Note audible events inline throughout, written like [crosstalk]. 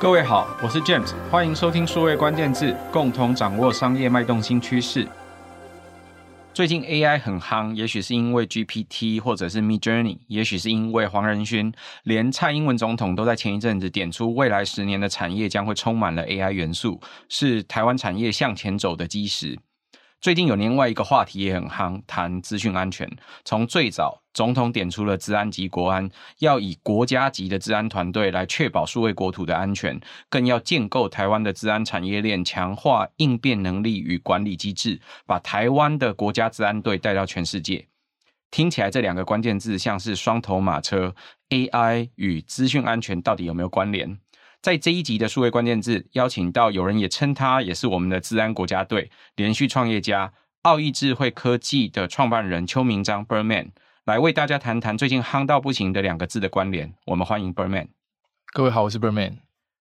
各位好，我是 James，歡迎收聽數位關鍵字，共同掌握商業脈動新趨勢。最近 AI 很夯，也許是因為 GPT，或者是 Midjourney，也許是因為黃仁勳，連蔡英文總統都在前一陣子點出，未來十年的產業將會充滿了 AI 元素，是台灣產業向前走的基石。最近有另外一個話題也很夯，談資訊安全。從最早總統點出了資安及國安，要以國家級的資安團隊來確保數位國土的安全，更要建構台灣的資安產業鏈，強化應變能力與管理機制，把台灣的國家資安隊帶到全世界。聽起來這兩個關鍵字像是雙頭馬車，AI 與資訊安全到底有沒有關聯？在這一集的數位關鍵字，邀請到，有人也稱他也是我們的資安國家隊、連續創業家，奧義智慧科技的創辦人邱銘彰 Birdman 來為大家談談最近夯到不行的兩個字的關聯。我們歡迎 Birdman。各位好，我是 Birdman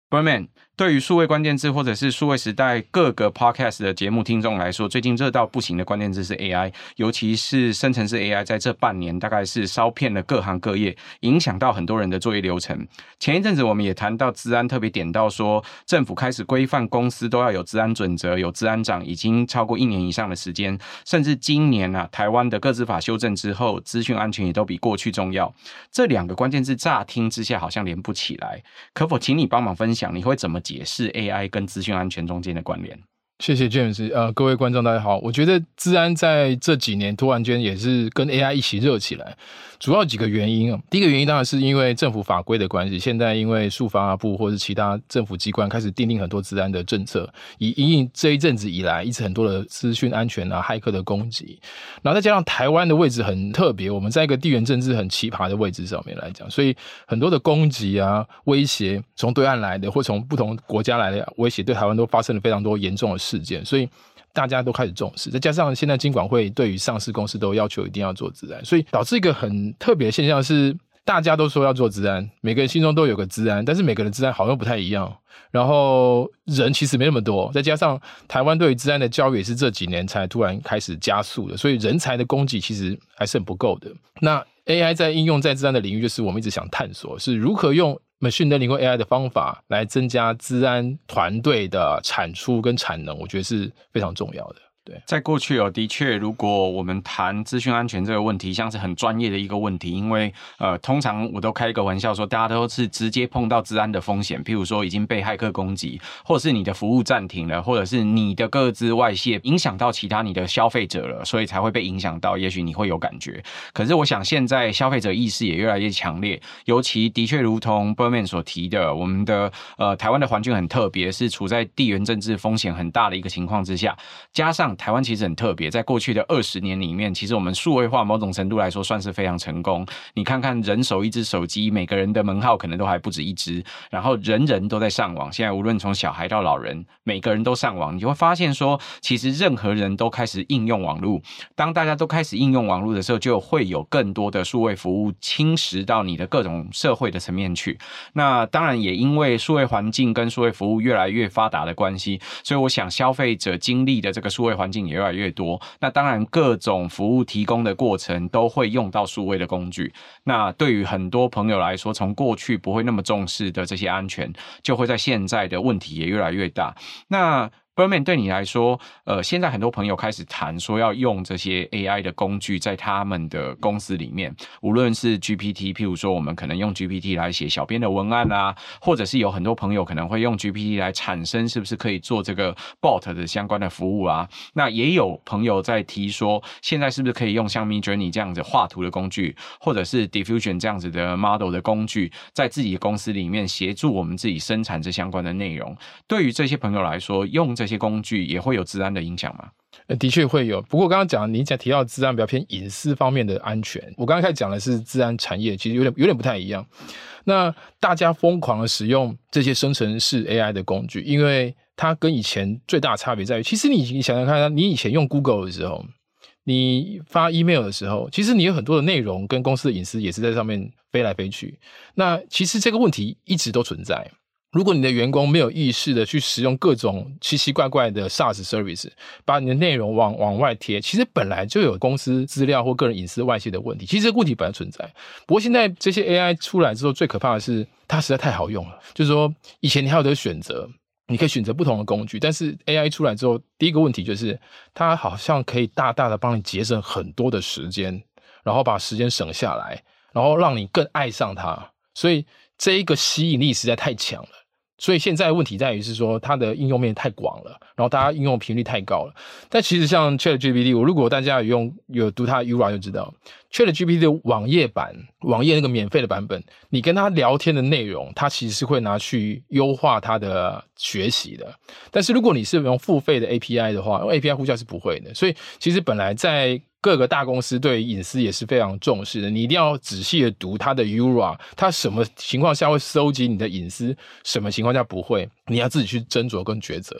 Birdman 對於數位關鍵字或者是數位時代各個 Podcast 的節目聽眾來說，最近熱到不行的關鍵字是 AI，尤其是生成式 AI，在這半年大概是燒遍了各行各業，影響到很多人的作業流程。前一陣子我們也談到資安，特別點到說，政府開始規範公司都要有資安準則，有資安長，已經超過一年以上的時間。甚至今年啊，台灣的個資法修正之後，資訊安全也都比過去重要。這兩個關鍵字乍聽之下好像連不起來，可否請你幫忙分析？講，你會怎麼解釋 AI 跟資訊安全中間的關聯？謝謝 James，呃，各位觀眾大家好，我覺得資安在這幾年突然間也是跟 AI 一起熱起來。主要幾個原因，第一個原因當然是因為政府法規的關係，現在因為數發部或者是其他政府機關開始訂定很多資安的政策，以因應這一陣子以來一直很多的資訊安全啊、駭客的攻擊，然後再加上台灣的位置很特別，我們在一個地緣政治很奇葩的位置上面來講，所以很多的攻擊啊、威脅從對岸來的或從不同國家來的威脅，對台灣都發生了非常多嚴重的事件，所以大家都開始重視，再加上現在金管會對於上市公司都要求一定要做資安，所以導致一個很特別的現象是，大家都說要做資安，每個人心中都有個資安，但是每個人資安好像不太一樣。然後人其實沒那麼多，再加上台灣對於資安的教育也是這幾年才突然開始加速的，所以人才的供給其實還是很不夠的。那 AI 在應用在資安的領域，就是我們一直想探索，是如何用。用訊能領控 AI 的方法來增加資安團隊的產出跟產能，我覺得是非常重要的。在過去哦，的確，如果我們談資訊安全這個問題，像是很專業的一個問題，因為呃，通常我都開一個玩笑說，大家都是直接碰到資安的風險，譬如說已經被駭客攻擊，或者是你的服務暫停了，或者是你的個資外洩，影響到其他你的消費者了，所以才會被影響到，也許你會有感覺。可是我想，現在消費者意識也越來越強烈，尤其的確，如同 Birdman 所提的，我們的呃台灣的環境很特別，是處在地緣政治風險很大的一個情況之下，加上。台灣其實很特別，在過去的二十年裡面，其實我們數位化某種程度來說算是非常成功。你看看，人手一只手機，每個人的門號可能都還不止一只，然後人人都在上網。現在無論從小孩到老人，每個人都上網，你就會發現說，其實任何人都開始應用網絡。當大家都開始應用網絡的時候，就會有更多的數位服務侵蝕到你的各種社會的層面去。那當然也因為數位環境跟數位服務越來越發達的關係，所以我想消費者經歷的這個數位。環境也越來越多，那當然各種服務提供的過程都會用到數位的工具。那對於很多朋友來說，從過去不會那麼重視的這些安全，就會在現在的問題也越來越大。那 Birdman, 對你來說，呃，現在很多朋友開始談說要用這些 AI 的工具在他們的公司裡面，無論是 GPT，譬如說我們可能用 GPT 來寫小編的文案啊，或者是有很多朋友可能會用 GPT 來產生是不是可以做這個 bot 的相關的服務啊？那也有朋友在提說，現在是不是可以用像 Midjourney 這樣子畫圖的工具，或者是 Diffusion 這樣子的 model 的工具，在自己的公司裡面協助我們自己生產這相關的內容？對於這些朋友來說，用這些這些工具也會有資安的影響嗎？的確會有。不過剛剛講，你講提到資安比較偏隱私方面的安全，我剛剛開始講的是資安產業，其實有點有點不太一樣。那大家瘋狂的使用這些生成式 AI 的工具，因為它跟以前最大差別在於，其實你你想想看，你以前用 Google 的時候，你發 email 的時候，其實你有很多的內容跟公司的隱私也是在上面飛來飛去。那其實這個問題一直都存在。如果你的員工沒有意識的去使用各種奇奇怪怪的 SaaS service，把你的內容往往外貼，其實本來就有公司資料或個人隱私外泄的問題。其實這個問題本來存在，不過現在這些 AI 出來之後，最可怕的是它實在太好用了。就是說，以前你還有得選擇，你可以選擇不同的工具，但是 AI 出來之後，第一個問題就是它好像可以大大的幫你節省很多的時間，然後把時間省下來，然後讓你更愛上它。所以這一個吸引力實在太強了。所以現在問題在於是說，它的應用面太廣了，然後大家應用頻率太高了。但其實像 ChatGPT，我如果大家有用有讀它 URL 就知道，ChatGPT 網頁版網頁那個免費的版本，你跟它聊天的內容，它其實是會拿去優化它的學習的。但是如果你是用付費的 API 的話，用 API 呼叫是不會的，所以其實本來在。各個大公司對隱私也是非常重視的，你一定要仔細的讀它的 EULA，它什麼情況下會收集你的隱私，什麼情況下不會，你要自己去斟酌跟抉擇。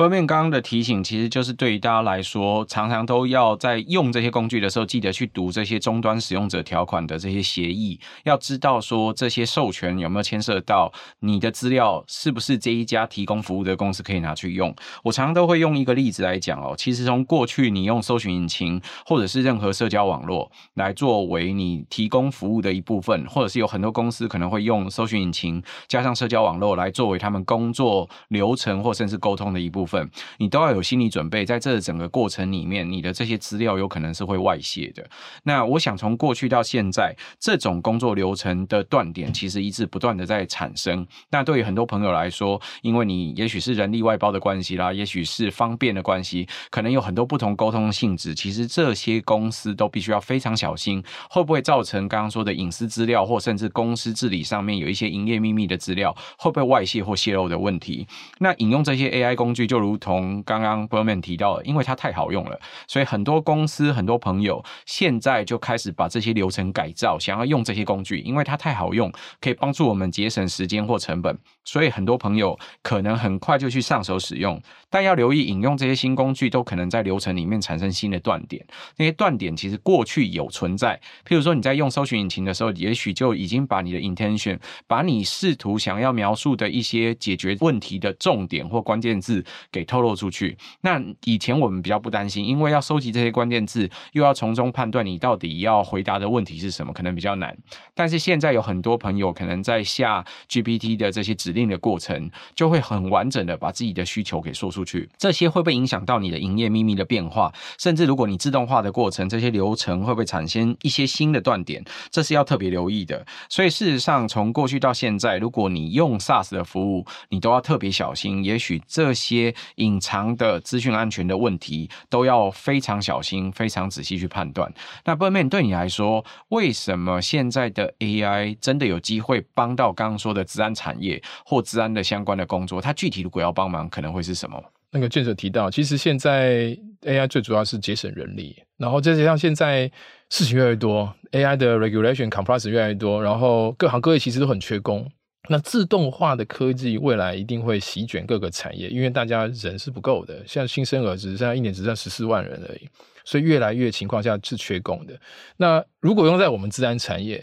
前面剛剛的提醒，其實就是對於大家來說，常常都要在用這些工具的時候，記得去讀這些終端使用者條款的這些協議，要知道說這些授權有沒有牽涉到你的資料，是不是這一家提供服務的公司可以拿去用。我常常都會用一個例子來講哦，其實從過去你用搜尋引擎或者是任何社交網絡來作為你提供服務的一部分，或者是有很多公司可能會用搜尋引擎加上社交網絡來作為他們工作流程或甚至溝通的一部分。份你都要有心理準備，在這整個過程裡面，你的這些資料有可能是會外洩的。那我想從過去到現在，這種工作流程的斷點其實一直不斷的在產生。那對於很多朋友來說，因為你也許是人力外包的關係啦，也許是方便的關係，可能有很多不同溝通性質。其實這些公司都必須要非常小心，會不會造成剛剛說的隱私資料，或甚至公司治理上面有一些營業秘密的資料，會不會外洩或洩露的問題？那引用這些 AI 工具就。如同剛剛朋友們提到的，因為它太好用了，所以很多公司、很多朋友現在就開始把這些流程改造，想要用這些工具，因為它太好用，可以幫助我們節省時間或成本。所以很多朋友可能很快就去上手使用，但要留意，引用這些新工具都可能在流程裡面產生新的斷點。那些斷點其實過去有存在，譬如說你在用搜尋引擎的時候，也許就已經把你的 intention，把你試圖想要描述的一些解決問題的重點或關鍵字給透露出去。那以前我們比較不擔心，因為要收集這些關鍵字，又要從中判斷你到底要回答的問題是什麼，可能比較難。但是現在有很多朋友可能在下 GPT 的這些指指定的過程就會很完整的把自己的需求給說出去，這些會不會影響到你的營業祕密的變化？甚至如果你自動化的過程，這些流程會不會產生一些新的斷點？這是要特別留意的。所以事實上，從過去到現在，如果你用 SaaS 的服務，你都要特別小心。也許這些隱藏的資訊安全的問題，都要非常小心、非常仔細去判斷。那 Birdman 對你來說，為什麼現在的 AI 真的有機會幫到剛剛說的資安產業？或資安的相關的工作，它具體如果要幫忙，可能會是什麼？那個 James 提到，其實現在 AI 最主要是節省人力，然後再加上現在事情越來越多，AI 的 regulation compliance 越來越多，然後各行各業其實都很缺工。那自動化的科技未來一定會席卷各個產業，因為大家人是不夠的，像新生兒只是現在一年只剩十四萬人而已，所以越來越情況下是缺工的。那如果用在我們資安產業？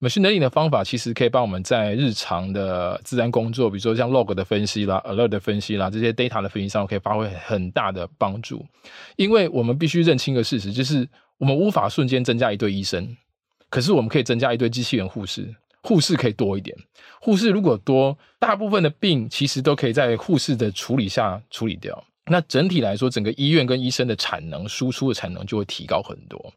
machine learning 的方法其實可以幫我們在日常的資安工作，比如說像 log 的分析啦、alert 的分析啦，這些 data 的分析上可以發揮很大的幫助。因為我們必須認清一個事實，就是我們無法瞬間增加一堆醫生，可是我們可以增加一堆機器人護士。護士可以多一點，護士如果多，大部分的病其實都可以在護士的處理下處理掉。那整體來說，整個醫院跟醫生的產能輸出的產能就會提高很多。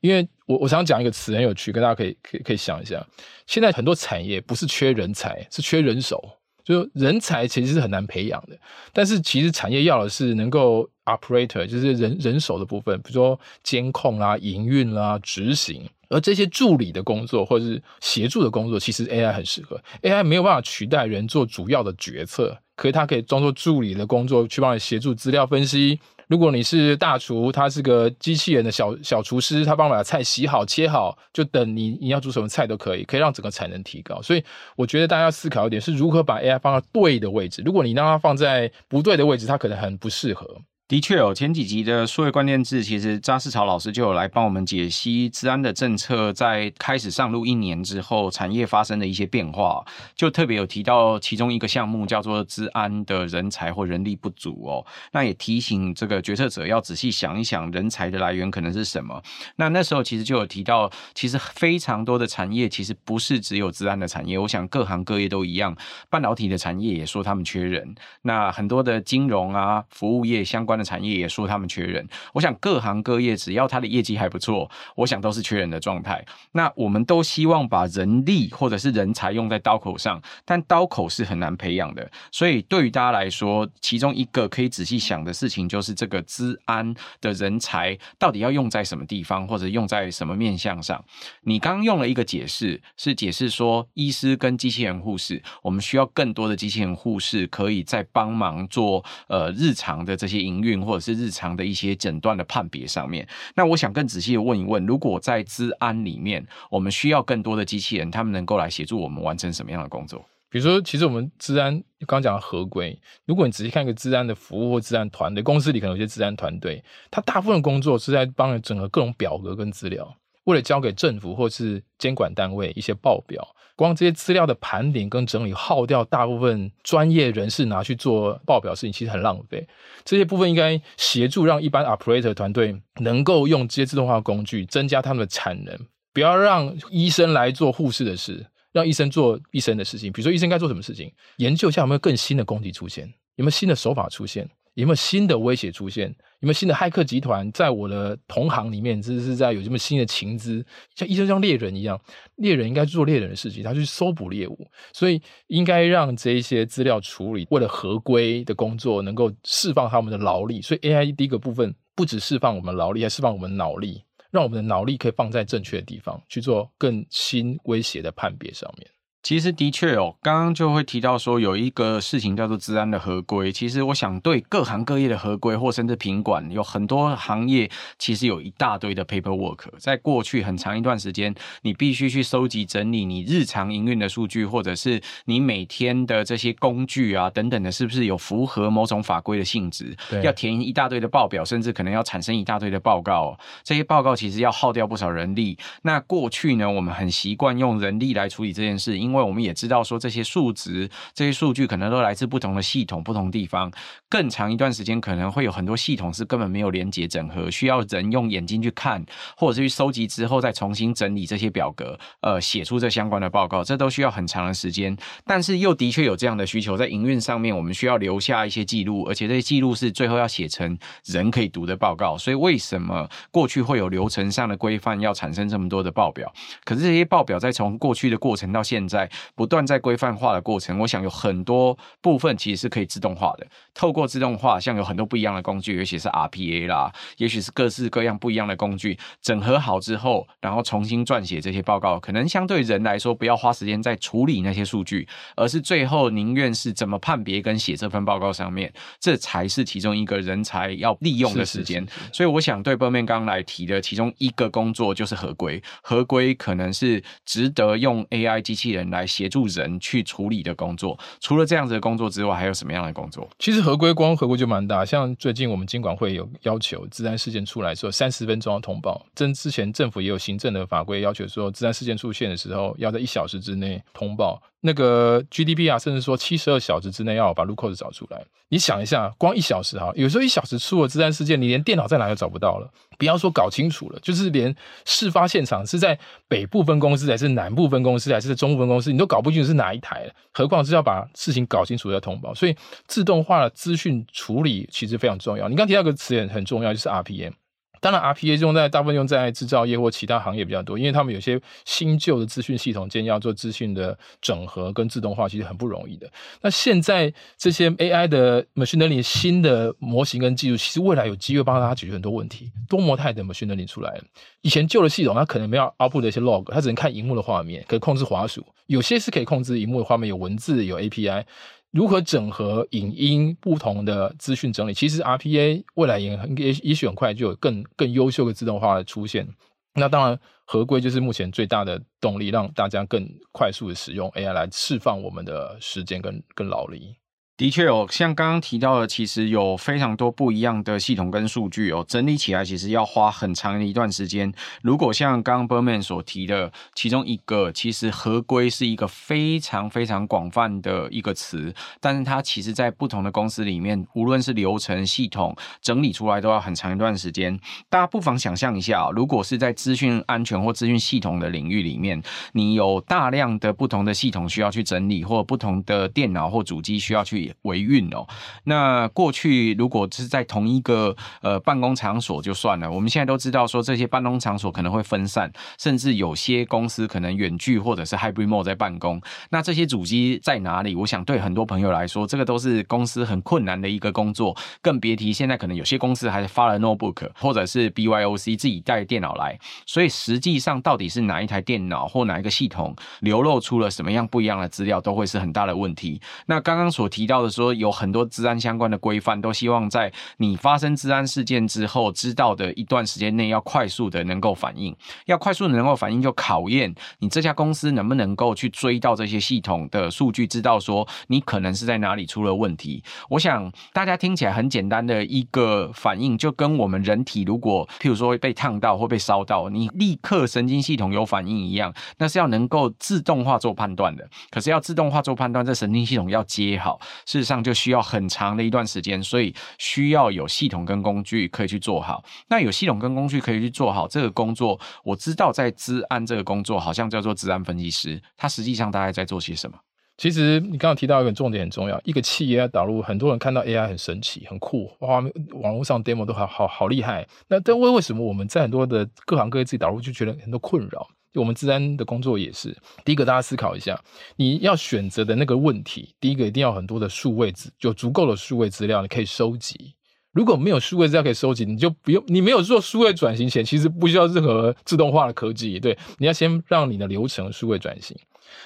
因為我我想講一個詞很有趣，跟大家可以可以可以想一下，現在很多產業不是缺人才，是缺人手。就人才其實是很難培養的，但是其實產業要的是能夠 operator，就是人人手的部分，比如說監控啦、啊、營運啦、啊、執行。而這些助理的工作或者是協助的工作，其實 AI 很適合。AI 沒有辦法取代人做主要的決策。可以，他可以裝作助理的工作去幫你協助資料分析。如果你是大廚，他是個機器人的小小廚師，他幫忙把菜洗好、切好，就等你你要煮什麼菜都可以，可以讓整個產能提高。所以我覺得大家要思考一點，是如何把 AI 放到對的位置。如果你讓它放在不對的位置，它可能很不適合。的確哦，前幾集的數位關鍵字，其實張士潮老師就有來幫我們解析資安的政策在開始上路一年之後，產業發生的一些變化，就特別有提到其中一個項目叫做資安的人才或人力不足哦。那也提醒這個決策者要仔細想一想人才的來源可能是什麼。那那時候其實就有提到，其實非常多的產業其實不是只有資安的產業，我想各行各業都一樣，半導體的產業也說他們缺人，那很多的金融啊、服務業相關的。產業也說他們缺人，我想各行各業只要他的業績還不錯，我想都是缺人的狀態。那我們都希望把人力或者是人才用在刀口上，但刀口是很難培養的。所以對於大家來說，其中一個可以仔細想的事情，就是這個資安的人才到底要用在什麼地方，或者用在什麼面向上？你剛剛用了一個解釋，是解釋說，醫師跟機器人護士，我們需要更多的機器人護士，可以再幫忙做呃日常的這些營運。或者是日常的一些診斷的判別上面，那我想更仔細的問一問，如果在資安裡面，我們需要更多的機器人，他們能夠來協助我們完成什麼樣的工作？比如說，其實我們資安剛剛講的合規，如果你仔細看一個資安的服務或資安團隊，公司裡可能有些資安團隊，他大部分的工作是在幫你整合各種表格跟資料。為了交給政府或是監管單位一些報表，光這些資料的盤點跟整理，耗掉大部分專業人士拿去做報表事情，其實很浪費。這些部分應該協助讓一般 operator 團隊能夠用這些自動化的工具增加他們的產能，不要讓醫生來做護士的事，讓醫生做醫生的事情。比如說，醫生該做什麼事情？研究一下有沒有更新的工具出現，有沒有新的手法出現。有沒有新的威脅出現？有沒有新的駭客集團在我的同行裡面？這是在有什麼新的情資？像醫生像獵人一樣，獵人應該做獵人的事情，他去搜捕獵物。所以應該讓這一些資料處理為了合規的工作，能夠釋放他們的勞力。所以 AI 第一個部分，不只釋放我們勞力，還釋放我們腦力，讓我們的腦力可以放在正確的地方去做更新威脅的判別上面。其實的確哦，剛剛就會提到說有一個事情叫做資安的合規。其實我想對各行各業的合規，或甚至品管，有很多行業其實有一大堆的 paperwork。在過去很長一段時間，你必須去收集整理你日常營運的數據，或者是你每天的這些工具啊等等的，是不是有符合某種法規的性質？對。要填一大堆的報表，甚至可能要產生一大堆的報告。這些報告其實要耗掉不少人力。那過去呢，我們很習慣用人力來處理這件事，因為我們也知道說這些數值、這些數據可能都來自不同的系統、不同地方。更長一段時間，可能會有很多系統是根本沒有連接整合，需要人用眼睛去看，或者是去收集之後再重新整理這些表格，呃，寫出這相關的報告，這都需要很長的時間。但是又的確有這樣的需求，在營運上面，我們需要留下一些記錄，而且這些記錄是最後要寫成人可以讀的報告。所以，為什麼過去會有流程上的規範，要產生這麼多的報表？可是這些報表在從過去的過程到現在。不在不斷在規範化的過程，我想有很多部分其實是可以自動化的。透過自動化，像有很多不一樣的工具，尤其是 RPA 啦，也許是各式各樣不一樣的工具整合好之後，然後重新撰寫這些報告，可能相對人來說，不要花時間在處理那些數據，而是最後寧願是怎麼判別跟寫這份報告上面，這才是其中一個人才要利用的時間。是是是是，所以，我想對 Birdman 剛來提的其中一個工作就是合規，合規可能是值得用 AI 機器人。來協助人去處理的工作，除了這樣子的工作之外，還有什麼樣的工作？其實合規光合規就蠻大，像最近我們金管會有要求，資安事件出來說三十分鐘要通報，政之前政府也有行政的法規要求說，資安事件出現的時候要在一小時之內通報。那個 GDP 啊，甚至說七十二小時之內要把 root cause 找出來。你想一下，光一小時哈，有時候一小時出了資安事件，你連電腦在哪都找不到了，不要說搞清楚了，就是連事發現場是在北部分公司，還是南部分公司，還是在中部分公司，你都搞不清楚是哪一台，何況是要把事情搞清楚再通報，所以自動化的資訊處理其實非常重要。你剛提到一個詞也很重要，就是 RPM。當然，RPA 這種在大部分用在制造業或其他行業比較多，因為他們有些新舊的資訊系統之間要做資訊的整合跟自動化，其實很不容易的。那現在這些 AI 的 machine learning 新的模型跟技術，其實未來有機會幫大家解決很多問題。多模態的 machine learning 出來了，以前舊的系統它可能沒有 output 一些 log，它只能看屏幕的畫面，可以控制滑鼠，有些是可以控制屏幕的畫面，有文字，有 API。如何整合影音、不同的資訊整理？其實 RPA 未來也也也許很快就有更更優秀的自動化的出現。那當然，合規就是目前最大的動力，讓大家更快速的使用 AI 來釋放我們的時間跟跟勞力。的確有、哦，像剛剛提到的，其實有非常多不一樣的系統跟數據哦，整理起來其實要花很長的一段時間。如果像剛剛 Birdman 所提的，其中一個其實合規是一個非常非常廣泛的一個詞，但是它其實，在不同的公司裡面，無論是流程系統整理出來，都要很長一段時間。大家不妨想象一下，哦，如果是在資訊安全或資訊系統的領域裡面，你有大量的不同的系統需要去整理，或不同的電腦或主機需要去。維運哦，那過去如果是在同一個呃辦公場所就算了，我們現在都知道說，這些辦公場所可能會分散，甚至有些公司可能遠距或者是 Hybrid Mode 在辦公，那這些主機在哪裡？我想對很多朋友來說，這個都是公司很困難的一個工作，更別提現在可能有些公司還發了 notebook 或者是 BYOC 自己帶電腦來，所以實際上到底是哪一台電腦或哪一個系統流露出了什麼樣不一樣的資料，都會是很大的問題。那剛剛所提到。或者說有很多資安相關的規範，都希望在你發生資安事件之後，知道的一段時間內要快速的能夠反應。要快速的能夠反應，就考驗你這家公司能不能夠去追到這些系統的數據，知道說你可能是在哪裡出了問題。我想大家聽起來很簡單的一個反應，就跟我們人體如果譬如說被燙到或被燒到，你立刻神經系統有反應一樣，那是要能夠自動化做判斷的。可是要自動化做判斷，這神經系統要接好。事實上就需要很長的一段時間，所以需要有系統跟工具可以去做好。那有系統跟工具可以去做好這個工作，我知道在資安這個工作，好像叫做資安分析師，他實際上大概在做些什麼？其實你剛剛提到一個重點很重要，一個企業要導入，很多人看到 AI 很神奇、很酷，哇，網絡上 demo 都好好好厲害。那但為為什麼我們在很多的各行各業自己導入，就覺得很多困擾？就我們資安的工作也是，第一個大家思考一下，你要選擇的那個問題，第一個一定要很多的數位資，有足夠的數位資料你可以收集。如果沒有數位資料可以收集，你就不用，你沒有做數位轉型前，其實不需要任何自動化的科技。對，你要先讓你的流程數位轉型。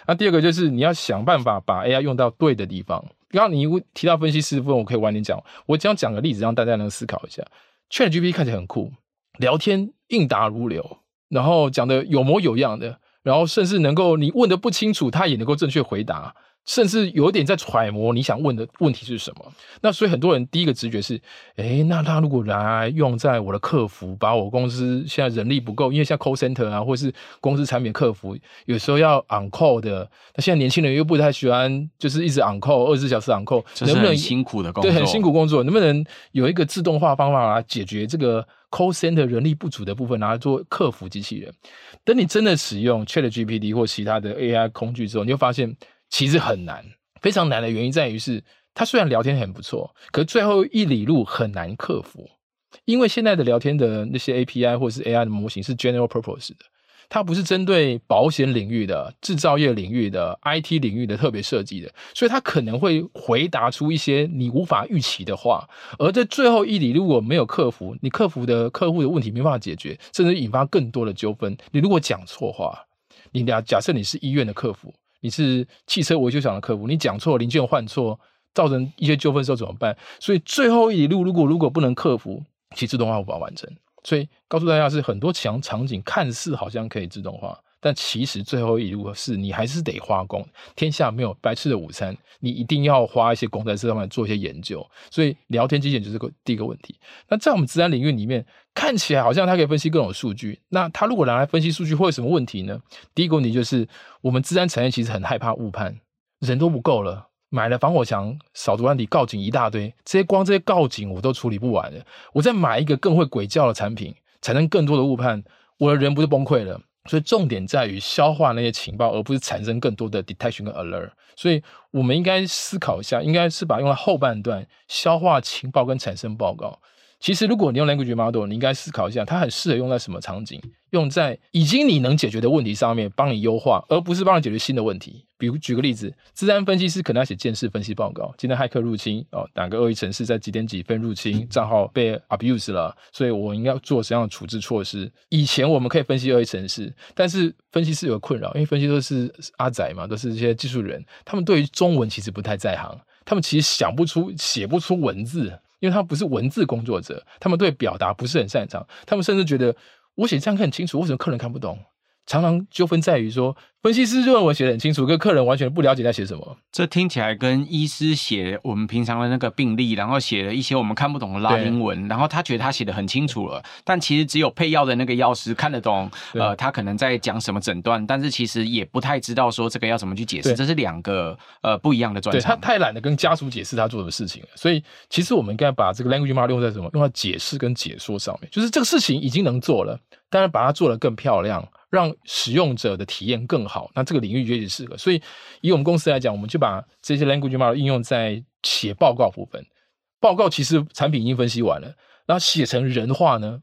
那、啊、第二個就是你要想辦法把 AI 用到對的地方。然後你提到分析師部分，我可以晚點講。我只要講個例子讓大家能思考一下。ChatGPT 看起來很酷，聊天應答如流。然後講的有模有樣的，然後甚至能夠你問的不清楚，他也能夠正確回答。甚至有點在揣摩你想問的問題是什麼。那所以很多人第一個直覺是：誒、欸、那他如果來用在我的客服，把我公司現在人力不夠，因為像 call center 啊，或是公司產品客服，有時候要 on call 的。那現在年輕人又不太喜歡，就是一直 on call，二十四小時 on call，很辛苦的工作，能不能，對，很辛苦工作，能不能有一個自動化方法來解決這個 call center 人力不足的部分，拿來做客服機器人？等你真的使用 ChatGPT 或其他的 AI 工具之後，你就發現。其實很難，非常難的原因在於是，他雖然聊天很不錯，可最後一里路很難克服，因為現在的聊天的那些 A P I 或是 A I 的模型是 general purpose 的，它不是針對保險領域的、制造業領域的、I T 領域的特別設計的，所以它可能會回答出一些你無法預期的話，而在最後一里路如果沒有克服，你客服的客戶的問題沒辦法解決，甚至引發更多的糾紛。你如果講錯話，你倆假設你是醫院的客服。你是汽車維修廠的客服，你講錯零件換錯，造成一些糾紛時候怎麼辦？所以最後一哩路，如果如果不能克服，其自動化無法完成。所以告訴大家，是很多強場景看似好像可以自動化。但其實最後一步是，你還是得花工。天下沒有白吃的午餐，你一定要花一些工在這上面做一些研究。所以聊天機器人就是個第一個問題。那在我們資安領域裡面，看起來好像它可以分析各種數據。那它如果拿來分析數據，會有什麼問題呢？第一個問題就是，我們資安產業其實很害怕誤判，人都不夠了，買了防火牆、掃毒案底告警一大堆，這些光這些告警我都處理不完的。我再買一個更會鬼叫的產品，產生更多的誤判，我的人不是崩潰了？所以重點在於消化那些情報，而不是產生更多的 detection 跟 alert。所以，我們應該思考一下，應該是把用來後半段消化情報跟產生報告。其實，如果你用 language model，你應該思考一下，它很適合用在什麼場景？用在已經你能解決的問題上面，幫你優化，而不是幫你解決新的問題。舉舉個例子，資安分析師可能要寫鑑識分析報告。今天駭客入侵哦，哪個惡意程式在幾點幾分入侵，賬號被 abuse 了，所以我應該要做什麼樣的處置措施？以前我們可以分析惡意程式，但是分析師有困擾，因為分析師都是阿宅嘛，都是一些技術人，他們對於中文其實不太在行，他們其實想不出、寫不出文字，因為他們不是文字工作者，他們對表達不是很擅長，他們甚至覺得我寫這樣很清楚，為什麼客人看不懂？常常糾紛在於說，分析師我認為寫得很清楚，跟客人完全不了解在寫什麼。這聽起來跟醫師寫我們平常的那個病歷，然後寫了一些我們看不懂的拉丁文，然後他覺得他寫的很清楚了，但其實只有配藥的那個藥師看得懂。呃，他可能在講什麼診斷，但是其實也不太知道說這個要怎麼去解釋。這是兩個呃不一樣的專長。他太懶得跟家屬解釋他做什麼事情了，所以其實我們應該把這個 language mart 用在什麼？用在解釋跟解說上面。就是這個事情已經能做了，當然把它做得更漂亮。讓使用者的體驗更好，那這個領域也很適合。所以，以我們公司來講，我們就把這些 language model 應用在寫報告部分。報告其實產品已經分析完了，那寫成人話呢，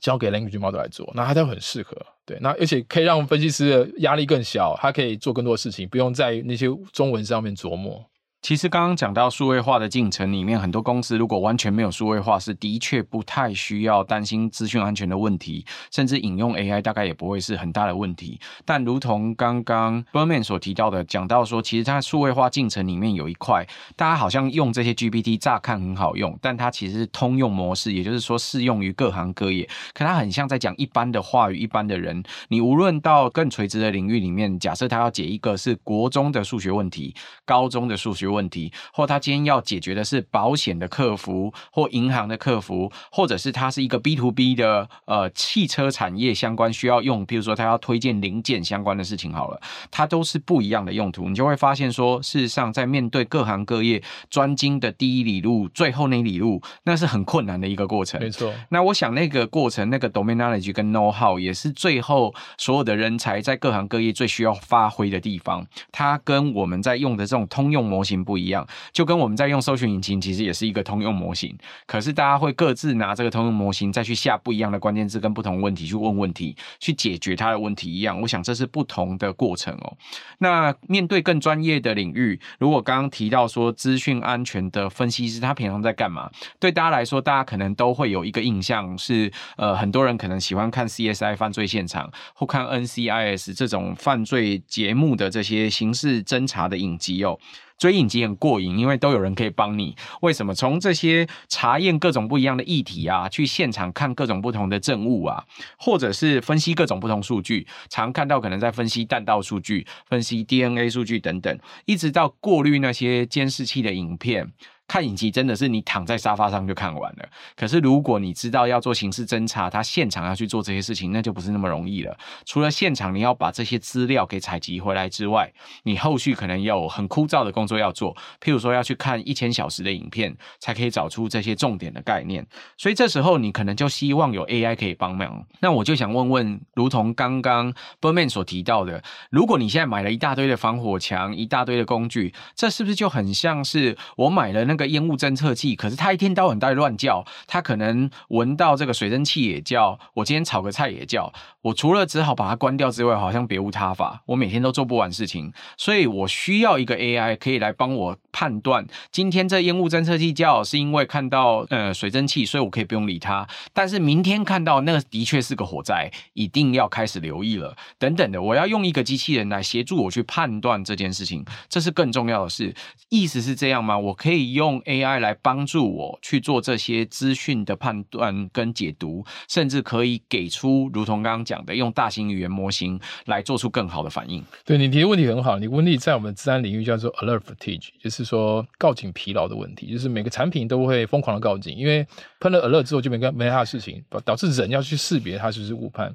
交給 language model 來做，那它就很適合。對，那而且可以讓分析師的壓力更小，他可以做更多的事情，不用在那些中文上面琢磨。其實剛剛講到數位化的進程裡面，很多公司如果完全沒有數位化，是的確不太需要擔心資訊安全的問題，甚至引用 AI 大概也不會是很大的問題。但如同剛剛 Birdman 所提到的，講到說，其實它數位化進程裡面有一塊，大家好像用這些 GPT，乍看很好用，但它其實是通用模式，也就是說適用於各行各業。可它很像在講一般的話語，一般的人，你無論到更垂直的領域裡面，假設他要解一個是國中的數學問題，高中的數學問題問題，或他今天要解決的是保險的客服，或銀行的客服，或者是他是一個 B to B 的呃、汽車產業相關需要用，比如說他要推薦零件相關的事情好了，它都是不一樣的用途。你就會發現說，事實上在面對各行各業專精的第一哩路，最後那一哩路，那是很困難的一個過程。沒錯，那我想那個過程，那個 domain knowledge 跟 know how 也是最後所有的人才在各行各業最需要發揮的地方。它跟我們在用的這種通用模型，不一樣，就跟我們在用搜尋引擎，其實也是一個通用模型。可是大家會各自拿這個通用模型再去下不一樣的關鍵字，跟不同問題去問問題，去解決它的問題一樣。我想這是不同的過程哦。那面對更專業的領域，如果剛剛提到說資訊安全的分析師，他平常在幹嘛？對大家來說，大家可能都會有一個印象是，呃，很多人可能喜歡看 CSI 犯罪現場，或看 NCIS 這種犯罪節目的這些刑事偵查的影集哦。追影集很過癮，因為都有人可以幫你。為什麼？從這些查驗各種不一樣的議題啊，去現場看各種不同的證物啊，或者是分析各種不同數據，常看到可能在分析彈道數據、分析 DNA 數據等等，一直到過濾那些監視器的影片。看影集真的是你躺在沙發上就看完了。可是如果你知道要做刑事偵查，他現場要去做這些事情，那就不是那麼容易了。除了現場你要把這些資料給採集回來之外，你後續可能有很枯燥的工作要做，譬如說要去看一千小時的影片，才可以找出這些重點的概念。所以這時候你可能就希望有 AI 可以幫忙。那我就想問問，如同剛剛 Birdman 所提到的，如果你現在買了一大堆的防火牆、一大堆的工具，這是不是就很像是我買了那？那個煙霧偵測器，可是它一天到晚在亂叫，它可能聞到這個水蒸氣也叫，我今天炒個菜也叫，我除了只好把它關掉之外，好像別無他法。我每天都做不完事情，所以我需要一個 AI 可以來幫我判斷，今天這煙霧偵測器叫是因為看到呃水蒸氣，所以我可以不用理它。但是明天看到那個的確是個火災，一定要開始留意了。等等的，我要用一個機器人來協助我去判斷這件事情，這是更重要的事。意思是這樣嗎？我可以用。用 AI 來幫助我去做這些資訊的判斷跟解讀，甚至可以給出，如同剛剛講的，用大型語言模型來做出更好的反應。對，你提的問題很好，你問題在我們資安領域叫做 alert fatigue，就是說告警疲勞的問題，就是每個產品都會瘋狂的告警，因為噴了 alert 之後就沒個沒他的事情，導致人要去識別它、就是不是誤判。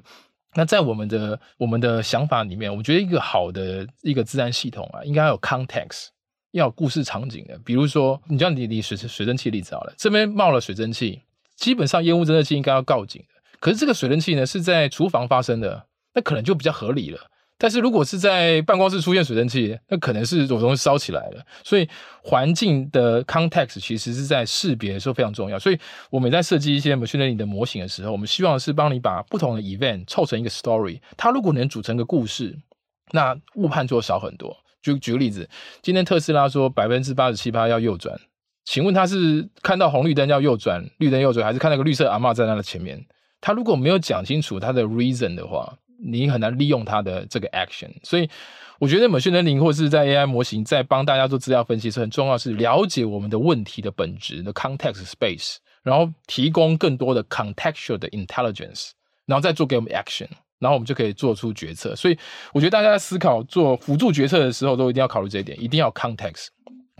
那在我們的我們的想法裡面，我覺得一個好的一個資安系統啊，應該要有 context。要有故事場景的，比如說，你知道，你你水水蒸氣例子，好了，這邊冒了水蒸氣，基本上煙霧偵測器應該要告警。可是這個水蒸氣呢是在廚房發生的，那可能就比較合理了。但是如果是在辦公室出現水蒸氣，那可能是有東西燒起來了。所以環境的 context 其實是在識別的時候非常重要。所以我們在設計一些 machine learning 的模型的時候，我們希望是幫你把不同的 event 湊成一個 story。它如果能組成個故事，那誤判就會少很多。舉舉個例子，今天特斯拉說百分之八十七八要右轉，請問他是看到紅綠燈要右轉，綠燈右轉，還是看到個綠色阿嬤在他的前面？他如果沒有講清楚他的 reason 的話，你很難利用他的這個 action。所以我覺得 Machine Learning 或是在 AI 模型在幫大家做資料分析是很重要的是了解我們的問題的本質的 context space，然後提供更多的 contextual 的 intelligence，然後再做給我們 action。然後我們就可以做出決策，所以我覺得大家在思考做輔助決策的時候，都一定要考慮這一點，一定要 context。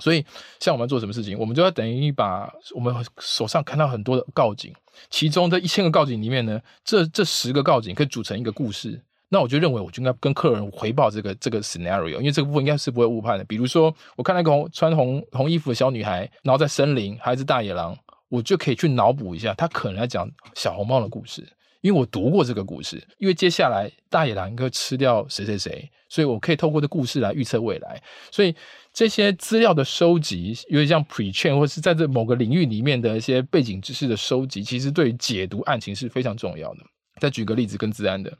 所以像我們做什麼事情，我們就要等於把我們手上看到很多的告警，其中這一千個告警裡面呢，這這十個告警可以組成一個故事。那我就認為，我就應該跟客人回報這個這個 scenario，因為這個部分應該是不會誤判的。比如說，我看那個紅穿紅紅衣服的小女孩，然後在森林還是大野狼，我就可以去腦補一下，她可能在講小紅帽的故事。因為我讀過這個故事，因為接下來大野狼哥吃掉誰誰誰，所以我可以透過這故事來預測未來。所以這些資料的收集，有點像 Pretrain 或是在這某個領域裡面的一些背景知識的收集，其實對於解讀案情是非常重要的。再舉個例子，跟資安的，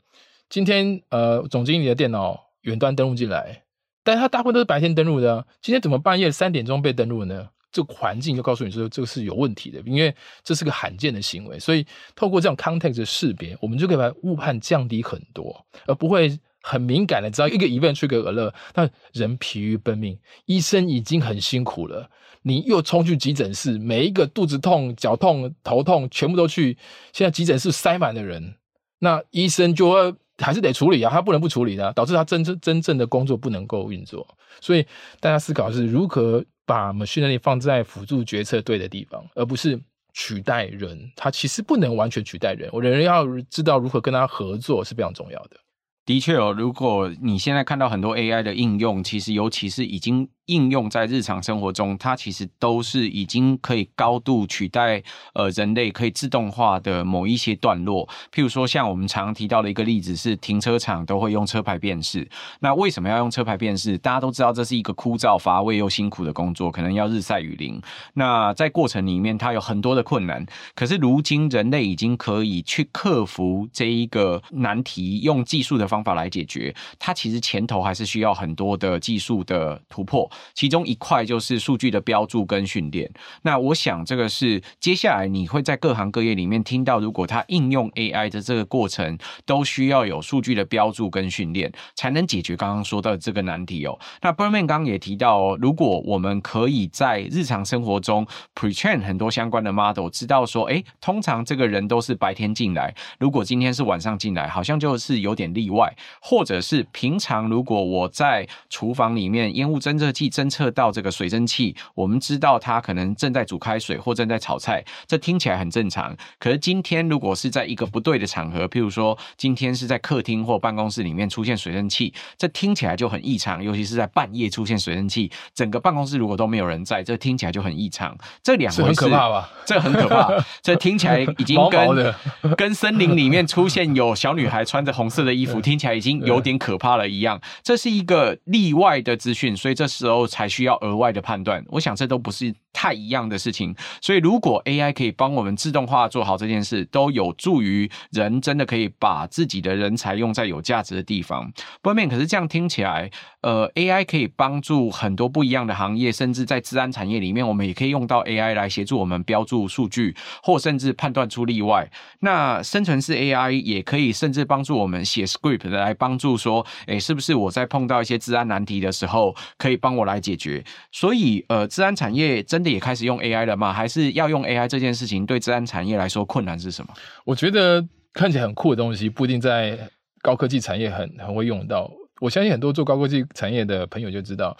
今天呃總經理的電腦遠端登錄進來，但他大部分都是白天登錄的，今天怎麼半夜三點鐘被登錄呢？這環境就告訴你說，這個是有問題的，因為這是個罕見的行為，所以透過這種 context 的識別，我們就可以把誤判降低很多，而不會很敏感的只要一個 eventtrigger 個 alert，但人疲於奔命，醫生已經很辛苦了，你又衝去急診室，每一個肚子痛、腳痛、頭痛，全部都去，現在急診室塞滿的人，那醫生就還是得處理啊，他不能不處理啊，導致他真正真正的工作不能夠運作，所以大家思考是如何，把 machine learning 放在輔助決策對的地方，而不是取代人。它其實不能完全取代人，我仍然要知道如何跟它合作是非常重要的。的確哦，如果你現在看到很多 AI 的應用，其實尤其是已經。應用在日常生活中，它其實都是已經可以高度取代呃人類可以自動化的某一些段落。譬如說，像我們常提到的一個例子是，停車場都會用車牌辨識。那為什麼要用車牌辨識？大家都知道，這是一個枯燥乏味又辛苦的工作，可能要日曬雨淋。那在過程裡面，它有很多的困難。可是如今人類已經可以去克服這一個難題，用技術的方法來解決。它其實前頭還是需要很多的技術的突破。其中一塊就是數據的標注跟訓練。那我想，這個是接下來你會在各行各業裡面聽到，如果它應用 AI 的這個過程，都需要有數據的標注跟訓練，才能解決剛剛說到這個難題哦、喔。那 Birdman 剛也提到哦、喔，如果我們可以在日常生活中 pretrain 很多相關的 model，知道說，哎、欸，通常這個人都是白天進來，如果今天是晚上進來，好像就是有點例外，或者是平常如果我在廚房裡面煙霧偵測器。偵測到這個水蒸氣，我們知道它可能正在煮開水或正在炒菜，這聽起來很正常。可是今天如果是在一個不對的場合，譬如說今天是在客廳或辦公室裡面出現水蒸氣，這聽起來就很異常。尤其是在半夜出現水蒸氣，整個辦公室如果都沒有人在，這聽起來就很異常。這兩個很可怕吧？這很可怕， [laughs] 這聽起來已經跟毛毛跟森林裡面出現有小女孩穿着紅色的衣服，聽起來已經有點可怕了一樣。這是一個例外的資訊，所以這是。後才需要額外的判斷，我想這都不是太一樣的事情。所以，如果 AI 可以幫我們自動化做好這件事，都有助於人真的可以把自己的人才用在有價值的地方。不面可是這樣聽起來，呃，AI 可以幫助很多不一樣的行業，甚至在資安產業裡面，我們也可以用到 AI 來協助我們標注數據，或甚至判斷出例外。那生成式 AI 也可以，甚至幫助我們寫 script 來幫助說，誒，是不是我在碰到一些資安難題的時候，可以幫。我來解決，所以呃，資安產業真的也開始用 AI 了嗎？還是要用 AI 這件事情？對資安產業來說，困難是什麼？我覺得看起來很酷的東西，不一定在高科技產業很很會用到。我相信很多做高科技產業的朋友就知道，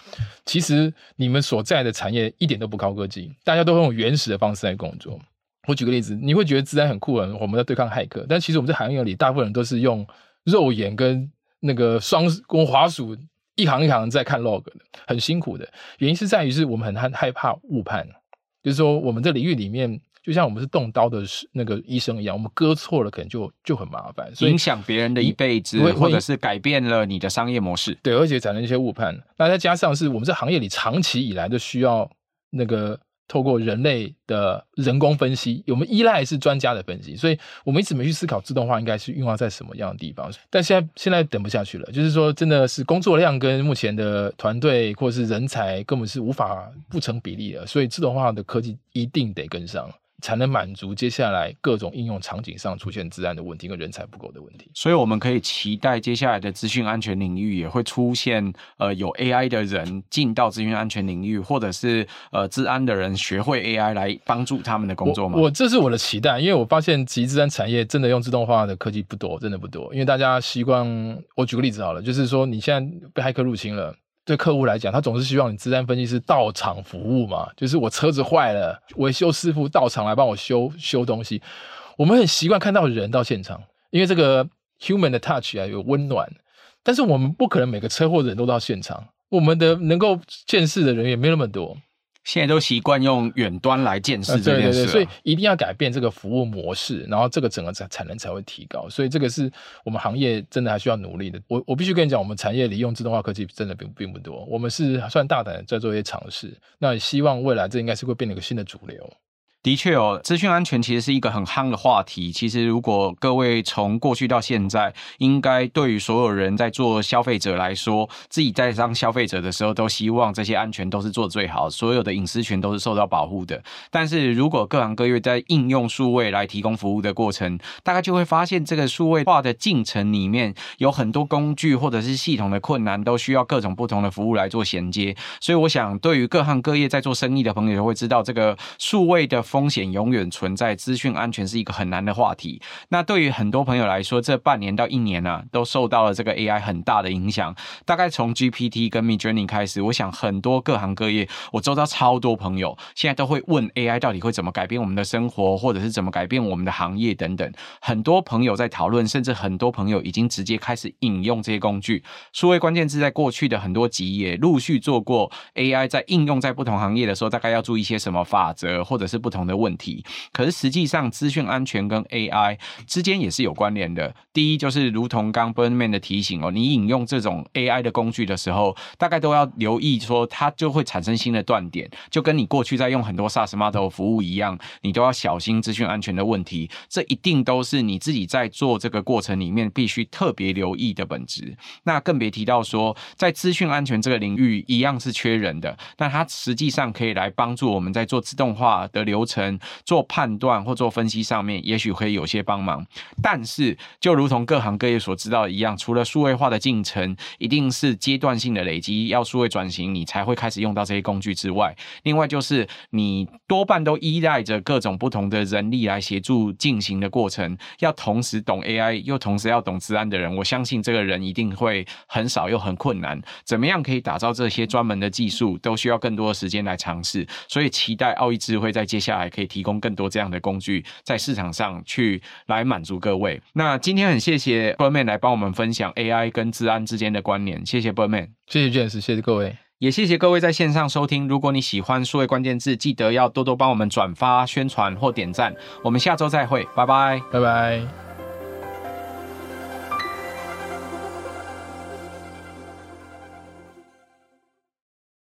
其實你們所在的產業一點都不高科技，大家都用原始的方式來工作。我舉個例子，你會覺得資安很酷，我們在對抗駭客，但其實我們在行業裡大部分人都是用肉眼跟那個雙跟滑鼠。一行一行在看 log 的，很辛苦的。原因是在於是我們很害害怕誤判，就是說我們這領域裡面，就像我們是動刀的那個醫生一樣，我們割錯了可能就就很麻煩，影響別人的一輩子，或者是改變了你的商業模式。對，而且產生一些誤判。那再加上是我們這行業裡長期以來的需要那個。透過人類的人工分析，我們依賴是專家的分析，所以我們一直沒去思考自動化應該是運化在什麼樣的地方。但現在現在等不下去了，就是說真的是工作量跟目前的團隊或者是人才根本是無法不成比例了，所以自動化的科技一定得跟上。才能滿足接下來各種應用場景上出現資安的問題跟人才不夠的問題，所以我們可以期待接下來的資訊安全領域也會出現呃有 AI 的人進到資訊安全領域，或者是呃資安的人學會 AI 來幫助他們的工作嗎？我，我這是我的期待，因為我發現其實資安產業真的用自動化的科技不多，真的不多，因為大家習慣。我舉個例子好了，就是說你現在被駭客入侵了。對客戶來講，他總是希望你資深分析師到場服務嘛，就是我車子壞了，維修師傅到場來幫我修修東西。我們很習慣看到人到現場，因為這個 human 的 touch 啊，有溫暖，但是我們不可能每個車禍的人都到現場，我們的能夠見識的人也沒那麼多。現在都習慣用遠端來見識這件事啊。啊對對對，所以一定要改變這個服務模式，然後這個整個產產能才會提高。所以這個是我們行業真的還需要努力的。我我必須跟你講，我們產業裡用自動化科技真的並並不多，我們是算大膽地在做一些嘗試。那也希望未來這應該是會變成一個新的主流。的確哦，資訊安全其實是一個很夯的話題。其實，如果各位從過去到現在，應該對於所有人在做消費者來說，自己在當消費者的時候，都希望這些安全都是做最好，所有的隱私權都是受到保護的。但是如果各行各業在應用數位來提供服務的過程，大概就會發現這個數位化的進程裡面有很多工具或者是系統的困難，都需要各種不同的服務來做銜接。所以，我想對於各行各業在做生意的朋友也會知道，這個數位的。風險永遠存在，資訊安全是一個很難的話題。那對於很多朋友來說，這半年到一年呢、啊，都受到了這個 AI 很大的影響。大概從 GPT 跟 Midjourney 開始，我想很多各行各業，我周遭超多朋友現在都會問 AI 到底會怎麼改變我們的生活，或者是怎麼改變我們的行業等等。很多朋友在討論，甚至很多朋友已經直接開始引用這些工具。數位關鍵字在過去的很多集也陸續做過 AI 在應用在不同行業的時候，大概要注意一些什麼法則，或者是不同。的問題，可是實際上，資訊安全跟 AI 之間也是有關聯的。第一，就是如同剛 Birdman 的提醒哦，你引用這種 AI 的工具的時候，大概都要留意，說它就會產生新的斷點，就跟你過去在用很多 SaaS model 服務一樣，你都要小心資訊安全的問題。這一定都是你自己在做這個過程裡面必須特別留意的本質。那更別提到說，在資訊安全這個領域一樣是缺人的，但它實際上可以來幫助我們在做自動化的流。做判斷或做分析上面，也許可以有些幫忙。但是，就如同各行各業所知道一樣，除了數位化的進程一定是階段性的累積，要數位轉型，你才會開始用到這些工具之外，另外就是你多半都依賴着各種不同的人力來協助進行的過程。要同時懂 AI 又同時要懂資安的人，我相信這個人一定會很少又很困難。怎麼樣可以打造這些專門的技術，都需要更多的時間來嘗試。所以，期待奧義智慧在接下來。還可以提供更多這樣的工具，在市場上去來滿足各位。那今天很謝謝 Birdman 來幫我們分享 AI 跟資安之間的關聯，謝謝 Birdman，謝謝 James，謝謝各位，也謝謝各位在線上收聽。如果你喜歡數位關鍵字，記得要多多幫我們轉發宣傳或點讚。我們下周再會，拜拜，拜拜。